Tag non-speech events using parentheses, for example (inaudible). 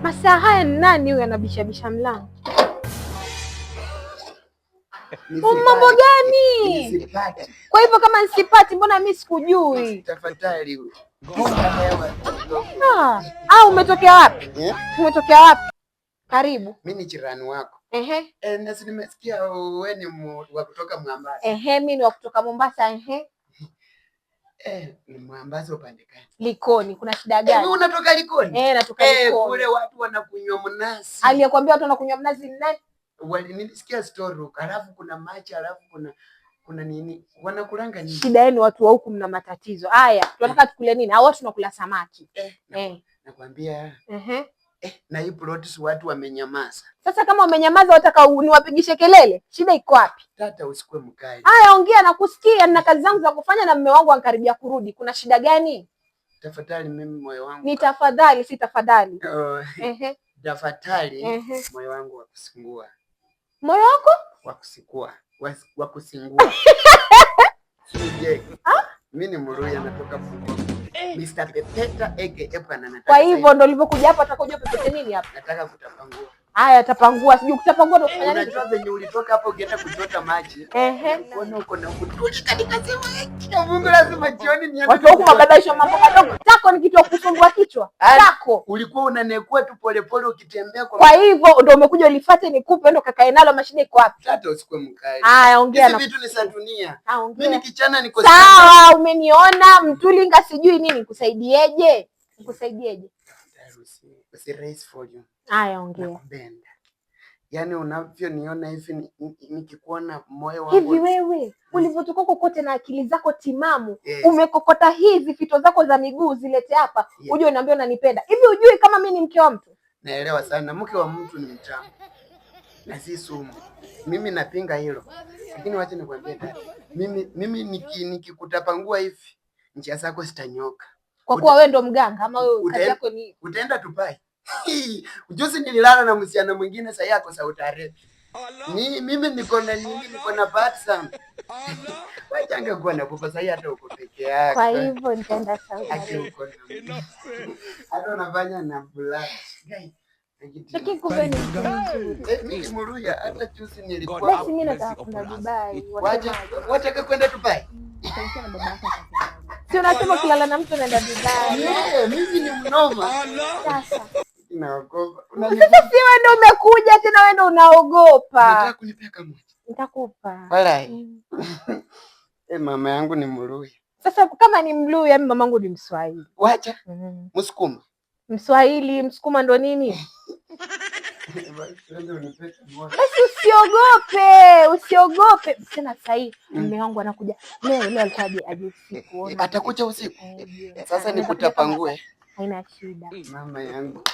Masaa haya ni nani huyu anabishabisha mlango? Mambo gani? Kwa hivyo kama nisipati, mbona mimi sikujui? Tafadhali. Ah, umetokea wapi? Eh? Umetokea wapi? Karibu. Mimi ni jirani wako. Ehe. Eh, nimesikia wewe ni wa kutoka Mombasa. Ehe, mimi ni wa kutoka Mombasa, ehe. Eh, mwambazo upande gani? Likoni, kuna shida eh, gani? Wewe unatoka Likoni? Eh, natoka eh, Likoni. Eh, kule watu wanakunywa mnazi. Aliyekwambia watu wanakunywa mnazi ni nani? Wali nilisikia story, halafu kuna macha, halafu kuna kuna nini? Wanakulanga nini? Shida yenu watu wa huku mna matatizo. Haya, tunataka tukule nini? Hao watu tunakula samaki. Eh, eh. Nakwambia. Mhm. Eh, na hii plot watu wamenyamaza. Sasa kama wamenyamaza, wataka niwapigishe kelele? Shida iko wapi? Tata, usikue mkali. Haya, ongea, nakusikia. Nina kazi zangu za kufanya na mume wangu ankaribia kurudi. Kuna shida gani? Tafadhali mimi moyo wangu. Ni tafadhali, si tafadhali. (laughs) Oh, Ehe. Tafadhali moyo wangu wakusingua. Moyo wako? Wakusikua. Wakusingua. (laughs) Ah? Mimi ni Mruya natoka Fuko. Mr. Pepeta aka Epuka na nataka. Kwa hivyo ndo ulivyokuja hapa, nataka Pepeta nini hapa? Nataka kutapangua. Haya, tapangua sijui kutapangua ndo kufanya nini? Eh, unajua venye ulitoka hapo ukienda kuchota maji. Ehe. Unaona uko na kutuli katika sehemu ya Mungu lazima jioni ni watu huko mababaisho mambo madogo. Tako ni kitu cha kusumbua kichwa. Yaani, Tako. Ulikuwa unanekua tu polepole ukitembea kwa. Kwa hivyo ndo umekuja ulifuate nikupe ndo kakae nalo mashine iko wapi? Tata usikwe mkali. Haya, ongea na. Hizi Vitu ni za sandunia. Mimi kichana niko sawa. Sawa, umeniona mtulinga sijui nini kusaidieje? Nikusaidieje? hairuhusiwi. Basi raise for you. Haya, ongea. Nakupenda. Yaani unavyoniona hivi nikikuona moyo wangu. Hivi wewe mm. ulivyotoka kokote na akili zako timamu, yes. Umekokota hizi fito zako za miguu zilete hapa, yes. Uje unaambia unanipenda. Hivi ujui kama mi ni mke wa mtu? Naelewa sana mke wa mtu ni mtamu na si sumu. Mimi napinga hilo, lakini wacha nikwambie mimi mimi nikikutapangua niki hivi njia zako zitanyoka kwa kuwa wewe ndo mganga ama wewe kazi yako ni utaenda Dubai. (laughs) Juzi nililala na msichana mwingine sasa yako Saudi Arabia. Ni mimi niko na nini niko na bahati sana. (laughs) Wacha angekuwa na kufa sasa hata uko peke yako. Kwa hivyo nitaenda Saudi Arabia. Hata (laughs) unafanya na black. Lakini kumbe ni eh, mimi hata juzi nilikuwa. Basi mimi kwenda Dubai. Wataka kwenda Dubai? Kwa na Si unasema kulala na mtu unaenda vibaya. Mimi ni mnoma. Sasa wewe umekuja tena, wewe ndo unaogopa. Nitakupa mama yangu ni Mluya. Sasa kama ni Mluya, eh, mama mamangu ni Mswahili. Wacha Msukuma. Mm. Mswahili, Msukuma ndo nini? (laughs) Basi usiogope, usiogope msichana. Sasa mume wangu anakuja leo leo, alikuwa aje usiku, eh, atakuja usiku. Eh, eh, sasa nikutapangue, haina shida mm. mama yangu.